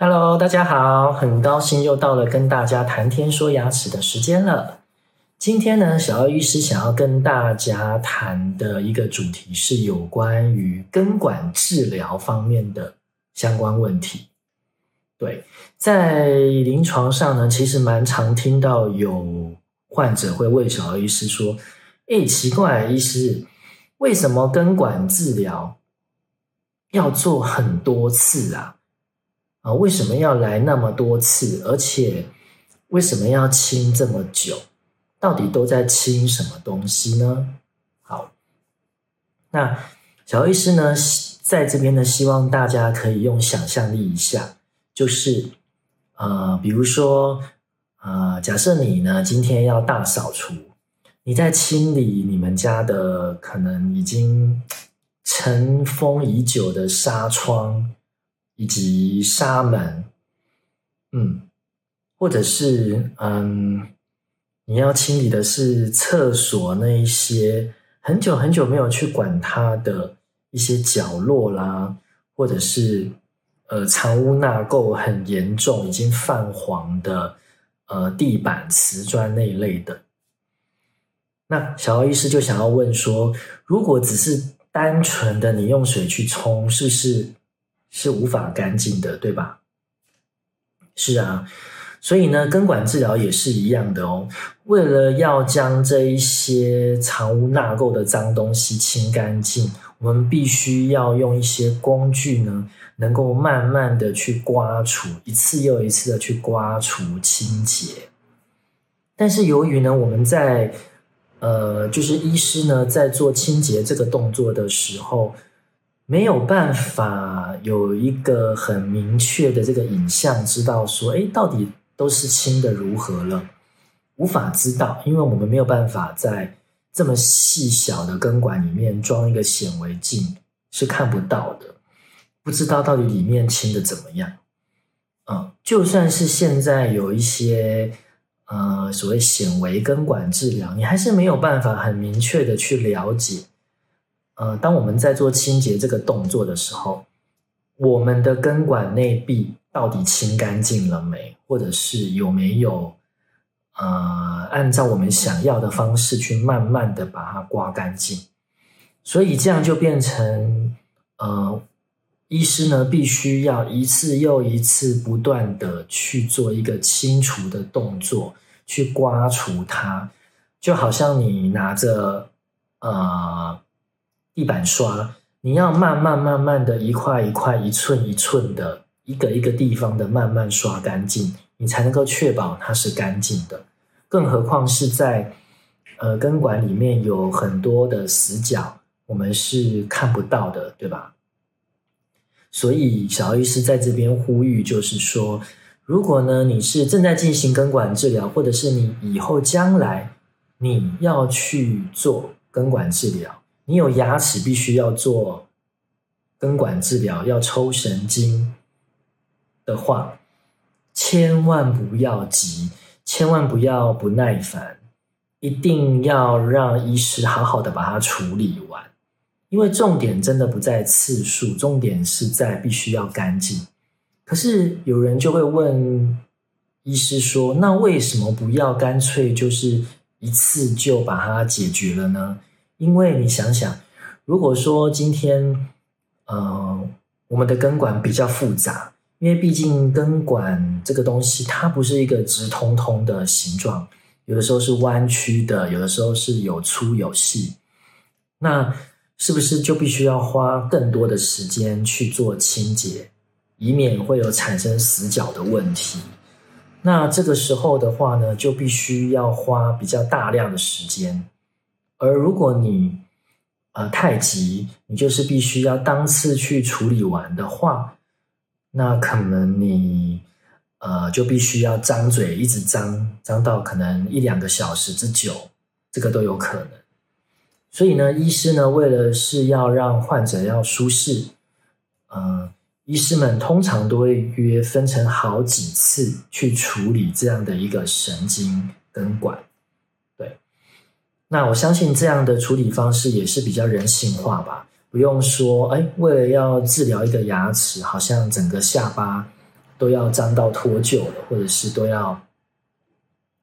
Hello，大家好，很高興又到了跟大家談天說牙齒的時間了。今天呢，小姚醫師想要跟大家談的一個主題是有關於根管治療方面的相關問題。對，在臨床上呢，其實蠻常聽到有患者會問小姚醫師說：“哎、欸，奇怪、啊，醫師，為什麼根管治療要做很多次啊？”啊，為什麼要來那麼多次？而且為什麼要清這麼久？到底都在清什麼東西呢？好，那小醫師呢，在這邊呢，希望大家可以用想象力一下，就是，呃，比如說，呃，假設你呢今天要大掃除，你在清理你們家的可能已經塵封已久的紗窗。以及沙門，嗯，或者是嗯，你要清理的是廁所那一些很久很久沒有去管它的一些角落啦，或者是呃藏污納垢很嚴重，已經泛黃的呃地板瓷磚那一類的。那小奧醫師就想要問說，如果只是單純的你用水去沖，是不是？是無法乾淨的，對吧？是啊，所以呢，根管治療也是一樣的哦。為了要將這一些藏污納垢的髒東西清乾淨，我們必須要用一些工具呢，能夠慢慢的去刮除，一次又一次的去刮除清潔。但是由於呢，我們在呃，就是醫師呢，在做清潔這個動作的時候，沒有辦法有一個很明確的這個影像，知道說，誒，到底都是清得如何了。無法知道，因為我們沒有辦法在這麼細小的根管裡面裝一個顯微鏡，是看不到的，不知道到底裡面清得怎麼樣。嗯，就算是現在有一些呃所謂顯微根管治療，你還是沒有辦法很明確的去了解。呃，當我們在做清潔這個動作的時候，我們的根管內壁到底清乾淨了沒，或者是有沒有呃，按照我們想要的方式去慢慢的把它刮乾淨？所以這樣就變成呃，醫師呢必須要一次又一次不斷的去做一個清除的動作，去刮除它，就好像你拿着呃。地板刷，你要慢慢慢慢的一塊一塊、一寸一寸的，一個一個地方的慢慢刷乾淨，你才能夠確保它是乾淨的。更何況是在呃根管裡面有很多的死角，我們是看不到的，對吧？所以小醫師在這邊呼籲，就是說，如果呢你是正在進行根管治療，或者是你以後將來你要去做根管治療。你有牙齒必須要做根管治療，要抽神經的話，千萬不要急，千萬不要不耐煩，一定要讓醫師好好的把它處理完。因為重點真的不在次數，重點是在必須要乾淨。可是有人就會問醫師說：“那為什麼不要乾脆就是一次就把它解決了呢？”因為你想想，如果說今天，呃，我們的根管比較複雜，因為畢竟根管這個東西它不是一個直通通的形狀，有的時候是彎曲的，有的時候是有粗有細，那是不是就必須要花更多的時間去做清潔，以免會有產生死角的問題？那這個時候的話呢，就必須要花比較大量的時間。而如果你呃太急，你就是必須要當次去處理完的話，那可能你呃就必須要張嘴一直張，張到可能一兩個小時之久，這個都有可能。所以呢，醫師呢，為了是要讓患者要舒適，呃，醫師們通常都會約分成好幾次去處理這樣的一個神經根管。那我相信這樣的處理方式也是比較人性化吧，不用說，哎，為了要治療一個牙齒，好像整個下巴都要張到脫臼了，或者是都要，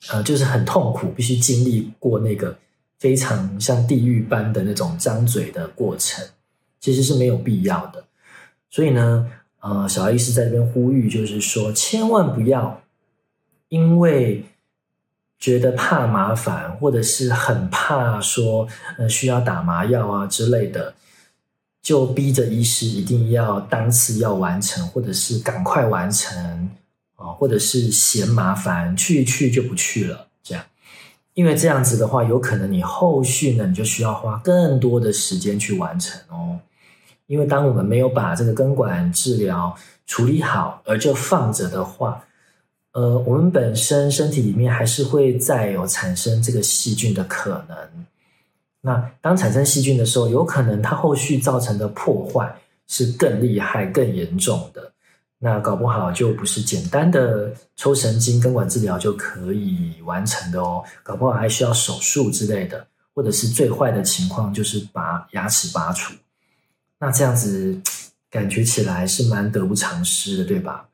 呃，就是很痛苦，必須經歷過那個非常像地獄般的那種張嘴的過程，其實是沒有必要的。所以呢，呃，小艾醫師在這邊呼籲，就是說，千萬不要因為。覺得怕麻煩，或者是很怕說，呃，需要打麻藥啊之類的，就逼着醫師一定要當次要完成，或者是趕快完成，啊、哦，或者是嫌麻煩，去一去就不去了，這樣。因為這樣子的話，有可能你後續呢，你就需要花更多的時間去完成哦。因為當我們沒有把這個根管治療處理好而就放着的話。呃，我們本身身體裡面還是會再有產生這個細菌的可能。那當產生細菌的時候，有可能它後續造成的破壞是更厲害、更嚴重的。那搞不好就不是簡單的抽神經、根管治療就可以完成的哦。搞不好還需要手術之類的，或者是最壞的情況就是把牙齒拔除。那這樣子感覺起來是蠻得不償失的，對吧？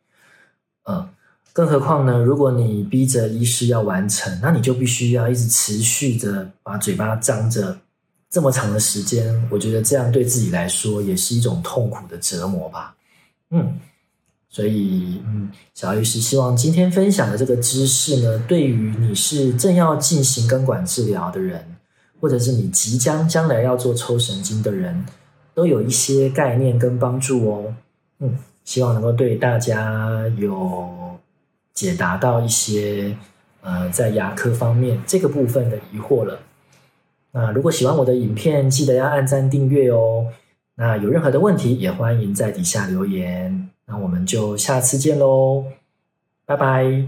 嗯。更何況呢？如果你逼着醫師要完成，那你就必須要一直持續着把嘴巴張着這麼長的時間。我覺得這樣對自己來說也是一種痛苦的折磨吧。嗯，所以，嗯，小醫師希望今天分享的這個知識呢，對於你是正要進行根管治療的人，或者是你即將將來要做抽神經的人，都有一些概念跟幫助哦。嗯，希望能夠對大家有。解答到一些呃，在牙科方面這個部分的疑惑了。那如果喜歡我的影片，記得要按讚訂閱哦。那有任何的問題，也歡迎在底下留言。那我們就下次見嘍，拜拜。